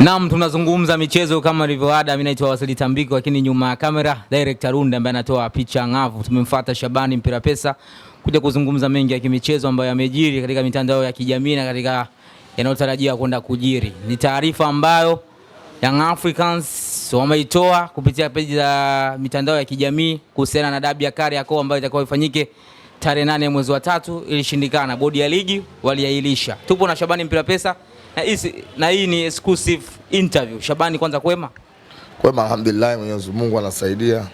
Naam, tunazungumza michezo kama ilivyo ada. Mimi naitwa Wasili Tambiko, lakini nyuma ya kamera director Runda ambaye anatoa picha ngavu. Tumemfuata Shabani Mpira Pesa kuja kuzungumza mengi ya kimichezo ambayo yamejiri katika mitandao ya kijamii na katika yanayotarajiwa kwenda kujiri. Ni taarifa ambayo Young Africans wameitoa kupitia peji za mitandao ya kijamii kuhusiana na dabi ya Kariakoo ambayo itakuwa ifanyike tarehe nane mwezi wa tatu. Ilishindikana, bodi ya ligi waliahirisha. Tupo na Shabani Mpira Pesa na hii na hii ni exclusive interview. Shabani, kwanza kwema? Kwema, alhamdulillah, Mwenyezi Mungu anasaidia,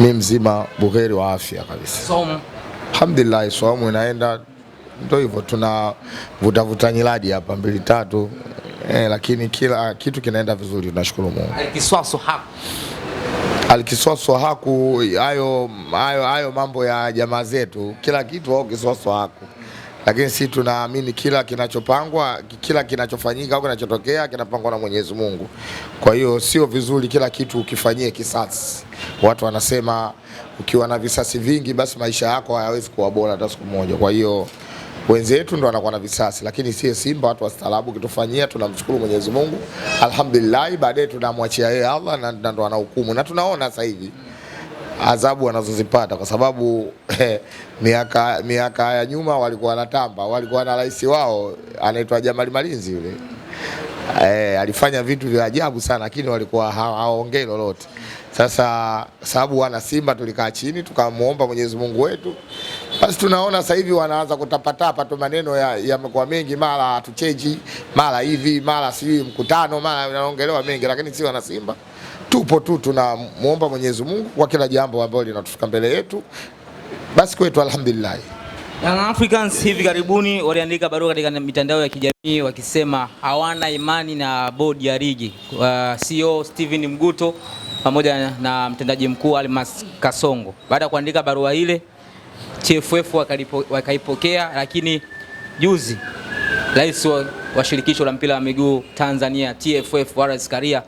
mi mzima buheri wa afya kabisa. Somo alhamdulillah, somo inaenda ndio hivyo, tuna vuta nyiradi hapa mbili tatu eh, lakini kila kitu kinaenda vizuri, tunashukuru Mungu. Alikiswaso haku alikiswaso haku, hayo hayo hayo mambo ya jamaa zetu, kila kitu au kiswaso haku lakini si tunaamini kila kinachopangwa, kila kinachofanyika au kinachotokea kinapangwa na Mwenyezi Mungu. Kwa hiyo sio vizuri kila kitu ukifanyie kisasi. Watu wanasema ukiwa na visasi vingi, basi maisha yako hayawezi kuwa bora hata siku moja. Kwa hiyo wenzetu ndo wanakuwa na visasi, lakini sie Simba watu wastaarabu, kitufanyia tunamshukuru Mwenyezi Mungu, alhamdulillah. Baadaye tunamwachia yeye Allah na ndo anahukumu, na tunaona sasa hivi adhabu wanazozipata kwa sababu eh, miaka miaka ya nyuma walikuwa tamba, walikuwa na rais wao anaitwa Jamali Malinzi yule eh, alifanya vitu vya ajabu sana, lakini walikuwa hawaongei lolote. Sasa sababu wana Simba tulikaa chini tukamwomba Mwenyezi Mungu wetu, basi tunaona sasa hivi wanaanza kutapatapa tu, maneno yamekuwa ya mengi, mara hatucheji, mara hivi, mara sijui mkutano, mara naongelewa mengi, lakini si wana Simba tupo tu tunamwomba Mwenyezi Mungu kwa kila jambo ambalo linatufika mbele yetu, basi kwetu alhamdulillah. Young Africans hivi karibuni waliandika barua katika mitandao ya kijamii wakisema hawana imani na bodi ya ligi. Uh, CEO Steven Mguto pamoja na mtendaji mkuu Almas Kasongo. Baada ya kuandika barua ile, TFF wakaipokea, lakini juzi rais wa shirikisho la mpira wa miguu Tanzania TFF Wallace Karia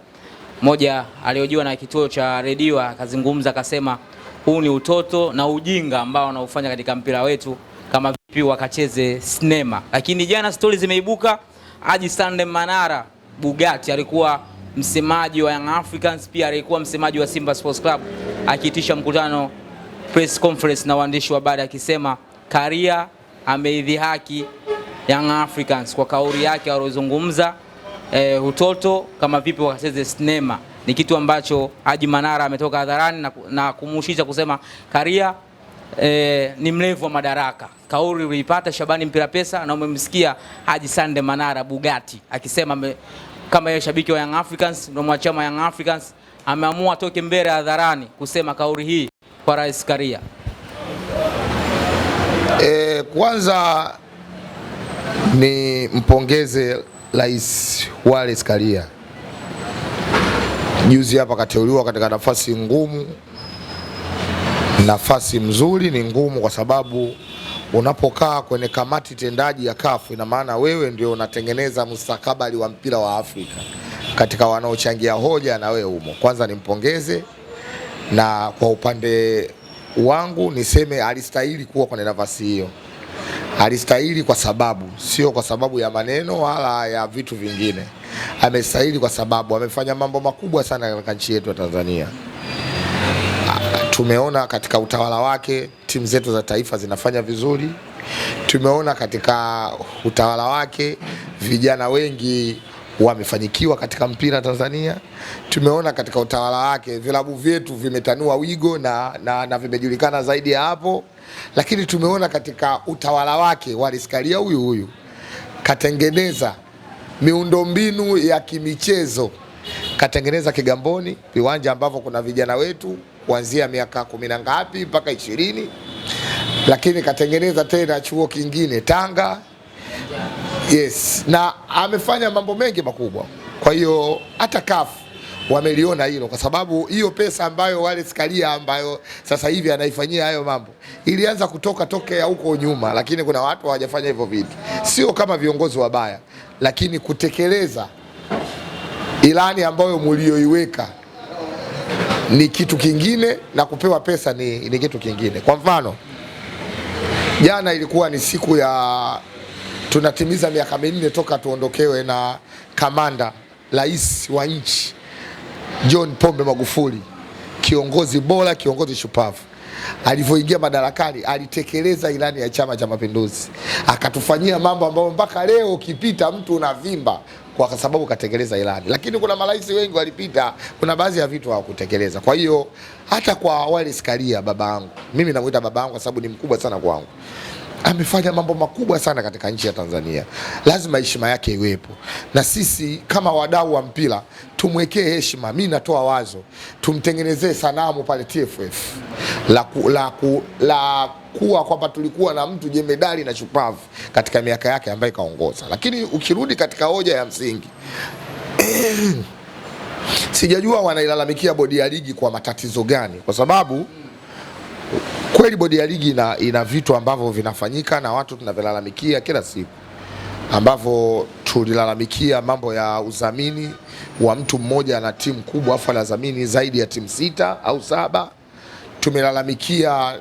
moja aliyojua na kituo cha redio akazungumza akasema, huu ni utoto na ujinga ambao wanaofanya katika mpira wetu, kama vipi wakacheze sinema. Lakini jana stori zimeibuka, Haji Sande Manara Bugatti alikuwa msemaji wa Young Africans, pia alikuwa msemaji wa Simba Sports Club, akiitisha mkutano press conference na waandishi wa habari akisema Karia haki Young Africans kwa kauli yake aliyozungumza eh, utoto kama vipi wakacheze sinema. Ni kitu ambacho Haji Manara ametoka hadharani na, na kumushisha kusema Karia eh, ni mlevu wa madaraka. Kauli uliipata Shabani Mpira Pesa, na umemsikia Haji Sande Manara bugati akisema me, kama yeye shabiki wa Young Africans ndio mwachama Young Africans ameamua atoke mbele hadharani kusema kauli hii kwa Rais Karia. E, kwanza ni mpongeze Rais Wallace Karia juzi hapa kateuliwa katika nafasi ngumu. Nafasi mzuri ni ngumu, kwa sababu unapokaa kwenye kamati tendaji ya CAF, ina maana wewe ndio unatengeneza mustakabali wa mpira wa Afrika katika wanaochangia hoja, na wewe umo. Kwanza nimpongeze, na kwa upande wangu niseme alistahili kuwa kwenye nafasi hiyo. Alistahili kwa sababu, sio kwa sababu ya maneno wala ya vitu vingine. Amestahili kwa sababu amefanya mambo makubwa sana katika nchi yetu ya Tanzania. Tumeona katika utawala wake timu zetu za taifa zinafanya vizuri. Tumeona katika utawala wake vijana wengi wamefanyikiwa katika mpira Tanzania. Tumeona katika utawala wake vilabu vyetu vimetanua wigo na, na, na vimejulikana zaidi ya hapo, lakini tumeona katika utawala wake waliskalia huyu huyu katengeneza miundombinu ya kimichezo, katengeneza Kigamboni viwanja ambavyo kuna vijana wetu kuanzia miaka kumi na ngapi mpaka ishirini, lakini katengeneza tena chuo kingine Tanga Yes, na amefanya mambo mengi makubwa. Kwa hiyo hata CAF wameliona hilo, kwa sababu hiyo pesa ambayo wale sikalia ambayo sasa hivi anaifanyia hayo mambo ilianza kutoka tokea huko nyuma, lakini kuna watu hawajafanya hivyo vitu, sio kama viongozi wabaya, lakini kutekeleza ilani ambayo mlioiweka ni kitu kingine na kupewa pesa ni, ni kitu kingine. Kwa mfano jana ilikuwa ni siku ya tunatimiza miaka minne toka tuondokewe na kamanda rais wa nchi John Pombe Magufuli, kiongozi bora, kiongozi shupavu. Alivyoingia madarakani alitekeleza ilani ya Chama cha Mapinduzi, akatufanyia mambo ambayo mpaka leo ukipita mtu unavimba kwa sababu katekeleza ilani. Lakini kuna marais wengi walipita, kuna baadhi ya vitu hawakutekeleza. Kwa hiyo hata kwa Wallace Karia, baba yangu, mimi namuita baba yangu kwa sababu ni mkubwa sana kwangu amefanya mambo makubwa sana katika nchi ya Tanzania, lazima heshima yake iwepo, na sisi kama wadau wa mpira tumwekee heshima. Mi natoa wazo, tumtengenezee sanamu pale TFF la, ku, la, ku, la kuwa kwamba tulikuwa na mtu jemedali na shupavu katika miaka yake ambayo ikaongoza. Lakini ukirudi katika hoja ya msingi sijajua wanailalamikia bodi ya ligi kwa matatizo gani, kwa sababu Kweli bodi ya ligi ina, ina vitu ambavyo vinafanyika na watu tunavyolalamikia kila siku, ambavyo tulilalamikia mambo ya udhamini wa mtu mmoja na timu kubwa, afu anadhamini zaidi ya timu sita au saba. Tumelalamikia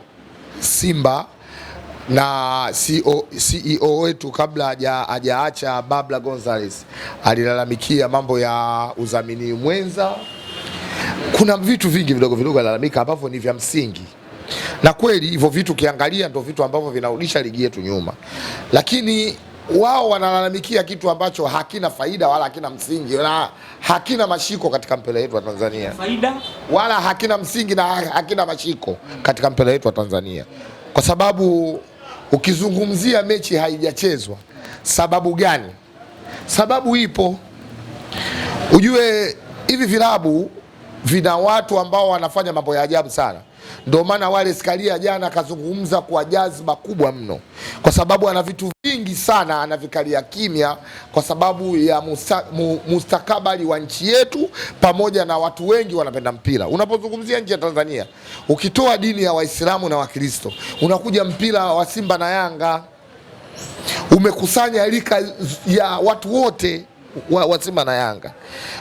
Simba na CEO, CEO wetu kabla hajaacha Babla Gonzalez alilalamikia mambo ya udhamini mwenza. Kuna vitu vingi vidogo vidogo alalamika ambavyo ni vya msingi na kweli hivyo vitu ukiangalia ndio vitu ambavyo vinarudisha ligi yetu nyuma, lakini wao wanalalamikia kitu ambacho hakina faida wala hakina msingi wala hakina mashiko katika mpira wetu wa Tanzania. Faida wala hakina msingi na hakina mashiko katika mpira wetu wa Tanzania, kwa sababu ukizungumzia mechi haijachezwa, sababu gani? Sababu ipo, ujue hivi vilabu vina watu ambao wanafanya mambo ya ajabu sana. Ndio maana wale Karia jana akazungumza kwa jazba kubwa mno, kwa sababu ana vitu vingi sana anavikalia kimya kwa sababu ya musta, mu, mustakabali wa nchi yetu, pamoja na watu wengi wanapenda mpira. Unapozungumzia nchi ya Tanzania, ukitoa dini ya Waislamu na Wakristo, unakuja mpira wa Simba na Yanga, umekusanya rika ya watu wote wa, wa Simba na Yanga.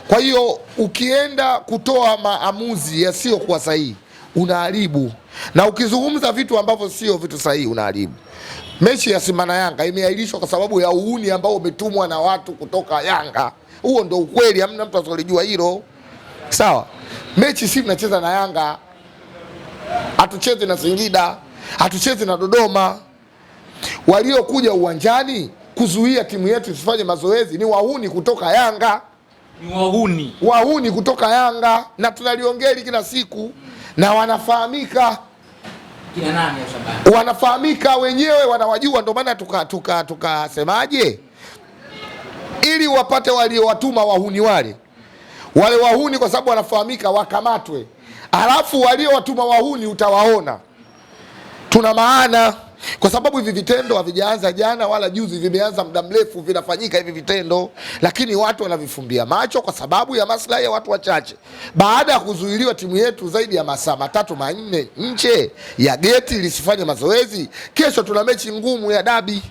Kwa hiyo ukienda kutoa maamuzi yasiyokuwa sahihi unaharibu, na ukizungumza vitu ambavyo sio vitu sahihi unaharibu. Mechi ya Simba na Yanga imeahirishwa kwa sababu ya uhuni ambao umetumwa na watu kutoka Yanga. Huo ndio ukweli, hamna mtu asolijua hilo. Sawa, mechi si tunacheza na Yanga, hatuchezi na Singida, hatuchezi na Dodoma. Waliokuja uwanjani kuzuia timu yetu isifanye mazoezi ni wahuni kutoka Yanga, ni wahuni, wahuni kutoka Yanga, na tunaliongea kila siku na wanafahamika kina nani Shabani, wanafahamika wenyewe, wanawajua. Ndio maana tukasemaje, tuka, tuka ili wapate waliowatuma wahuni wale wale wahuni, kwa sababu wanafahamika, wakamatwe, alafu waliowatuma wahuni utawaona, tuna maana kwa sababu hivi vitendo havijaanza jana wala juzi, vimeanza muda mrefu, vinafanyika hivi vitendo, lakini watu wanavifumbia macho kwa sababu ya maslahi ya watu wachache. Baada ya kuzuiliwa timu yetu zaidi ya masaa matatu manne nje ya geti lisifanye mazoezi, kesho tuna mechi ngumu ya dabi.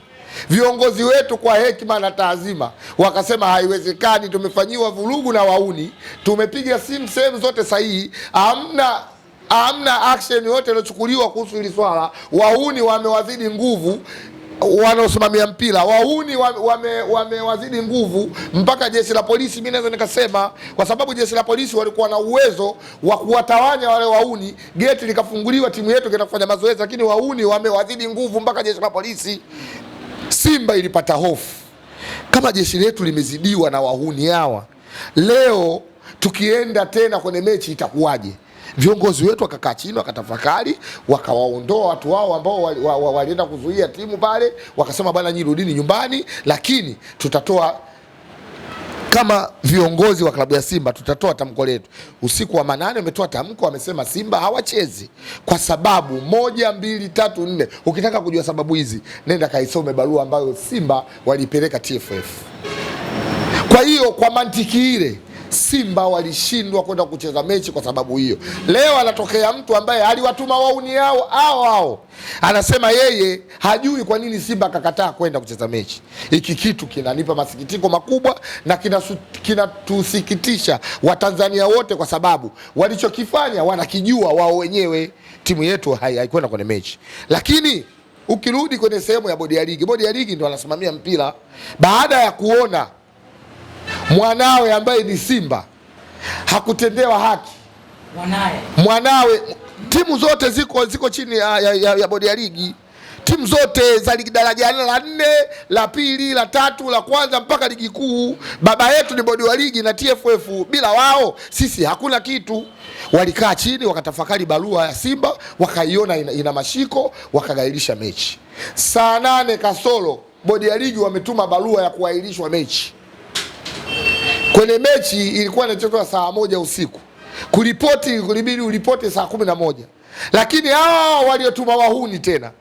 Viongozi wetu kwa hekima na taazima wakasema haiwezekani, tumefanyiwa vurugu na wauni, tumepiga simu sehemu zote sahihi, amna hamna action yote iliyochukuliwa kuhusu hili swala. Wahuni wamewazidi nguvu wanaosimamia mpira, wahuni wamewazidi wame nguvu mpaka jeshi la polisi. Mimi naweza nikasema, kwa sababu jeshi la polisi walikuwa na uwezo wa kuwatawanya wale wahuni, geti likafunguliwa, timu yetu ikaenda kufanya mazoezi, lakini wahuni wamewazidi nguvu mpaka jeshi la polisi. Simba ilipata hofu kama jeshi letu limezidiwa na wahuni hawa, leo tukienda tena kwenye mechi itakuwaje? viongozi wetu wakakaa chini wakatafakari, wakawaondoa watu wao ambao walienda wa, wa, wa kuzuia timu pale, wakasema bwana nyinyi rudini nyumbani, lakini tutatoa kama viongozi wa klabu ya Simba tutatoa tamko letu. Usiku wa manane umetoa tamko, wamesema Simba hawachezi kwa sababu moja, mbili, tatu, nne. Ukitaka kujua sababu hizi, nenda kaisome barua ambayo Simba waliipeleka TFF. Kwa hiyo kwa mantiki ile Simba walishindwa kwenda kucheza mechi kwa sababu hiyo. Leo anatokea mtu ambaye aliwatuma wauni yao ao ao, anasema yeye hajui kwa nini Simba akakataa kwenda kucheza mechi. Hiki kitu kinanipa masikitiko makubwa na kinatusikitisha kina Watanzania wote, kwa sababu walichokifanya wanakijua wao wenyewe. Timu yetu haikwenda kwenye mechi, lakini ukirudi kwenye sehemu ya bodi ya ligi, bodi ya ligi ndo anasimamia mpira baada ya kuona mwanawe ambaye ni Simba hakutendewa haki mwanawe, mwanawe timu zote ziko ziko chini ya, ya, ya, ya bodi ya ligi timu zote za ligi daraja la nne la pili la tatu la kwanza mpaka ligi kuu. Baba yetu ni bodi wa ligi na TFF, bila wao sisi hakuna kitu. Walikaa chini wakatafakari barua ya Simba, wakaiona ina, ina mashiko, wakagairisha mechi saa nane kasoro. Bodi ya ligi wametuma barua ya kuahirishwa mechi. Kwenye mechi ilikuwa inachezwa saa moja usiku, kuripoti kulibidi ulipote saa kumi na moja, lakini hawa waliotuma wahuni tena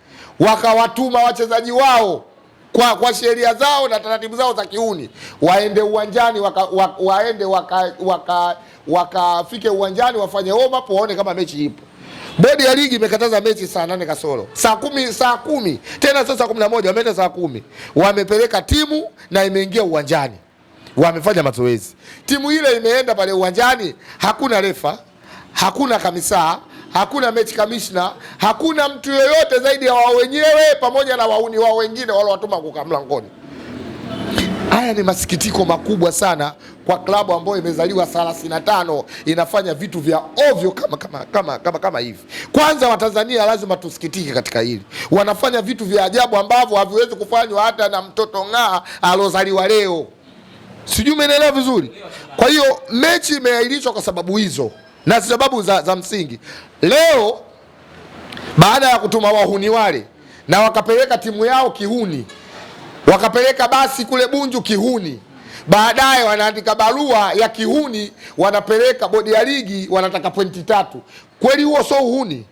wakawatuma wachezaji wao kwa, kwa sheria zao na taratibu zao za kiuni waende uwanjani waka, wa, waende wakafike waka, waka uwanjani wafanye warm up waone kama mechi ipo. Bodi ya ligi imekataza mechi saa nane kasoro saa kumi, saa kumi tena sio saa kumi na moja wameenda saa kumi, wamepeleka timu na imeingia uwanjani wamefanya mazoezi. Timu ile imeenda pale uwanjani, hakuna refa, hakuna kamisaa, hakuna mechi kamishna, hakuna mtu yoyote zaidi ya wao wenyewe pamoja na wauni wao wengine walowatuma kukaa mlangoni. Haya ni masikitiko makubwa sana kwa klabu ambayo imezaliwa 35 inafanya vitu vya ovyo kama, kama, kama, kama, kama hivi. Kwanza Watanzania lazima tusikitike katika hili, wanafanya vitu vya ajabu ambavyo haviwezi kufanywa hata na mtoto ng'aa alozaliwa leo. Sijui umeelewa vizuri. Kwa hiyo mechi imeahirishwa kwa sababu hizo na sababu za, za msingi. Leo baada ya kutuma wahuni wale na wakapeleka timu yao kihuni, wakapeleka basi kule Bunju kihuni baadaye wanaandika barua ya kihuni, wanapeleka bodi ya ligi, wanataka pointi tatu. Kweli huo sio uhuni?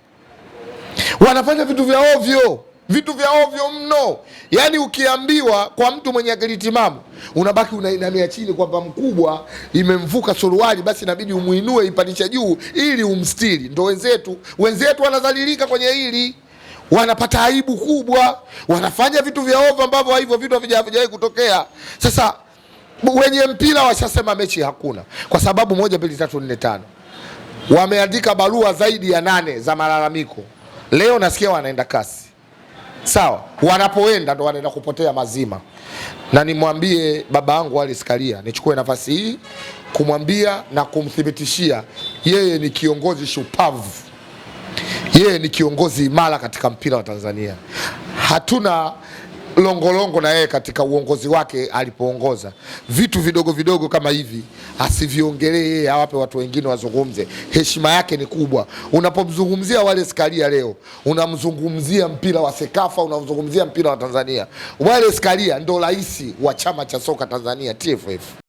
Wanafanya vitu vya ovyo vitu vya ovyo mno. Yaani ukiambiwa kwa mtu mwenye akili timamu unabaki unainamia chini, kwamba mkubwa imemvuka suruali, basi inabidi umuinue ipandisha juu ili umstiri. Ndo wenzetu, wenzetu wanadhalilika kwenye hili, wanapata aibu kubwa, wanafanya vitu vya ovyo ambavyo hivyo vitu havijawahi kutokea. Sasa wenye mpira washasema mechi hakuna, kwa sababu moja, mbili, tatu, nne, tano. Wameandika barua zaidi ya nane za malalamiko. Leo nasikia wanaenda kasi sawa, wanapoenda ndo wanaenda kupotea mazima. Na nimwambie baba yangu Alice Karia, nichukue nafasi hii kumwambia na kumthibitishia yeye ni kiongozi shupavu, yeye ni kiongozi imara katika mpira wa Tanzania. Hatuna Longolongo na yeye katika uongozi wake alipoongoza, vitu vidogo vidogo kama hivi asiviongelee yeye, awape watu wengine wazungumze. Heshima yake ni kubwa. Unapomzungumzia wale Karia leo, unamzungumzia mpira wa Sekafa, unamzungumzia mpira wa Tanzania. Wale Karia ndo rais wa chama cha soka Tanzania TFF.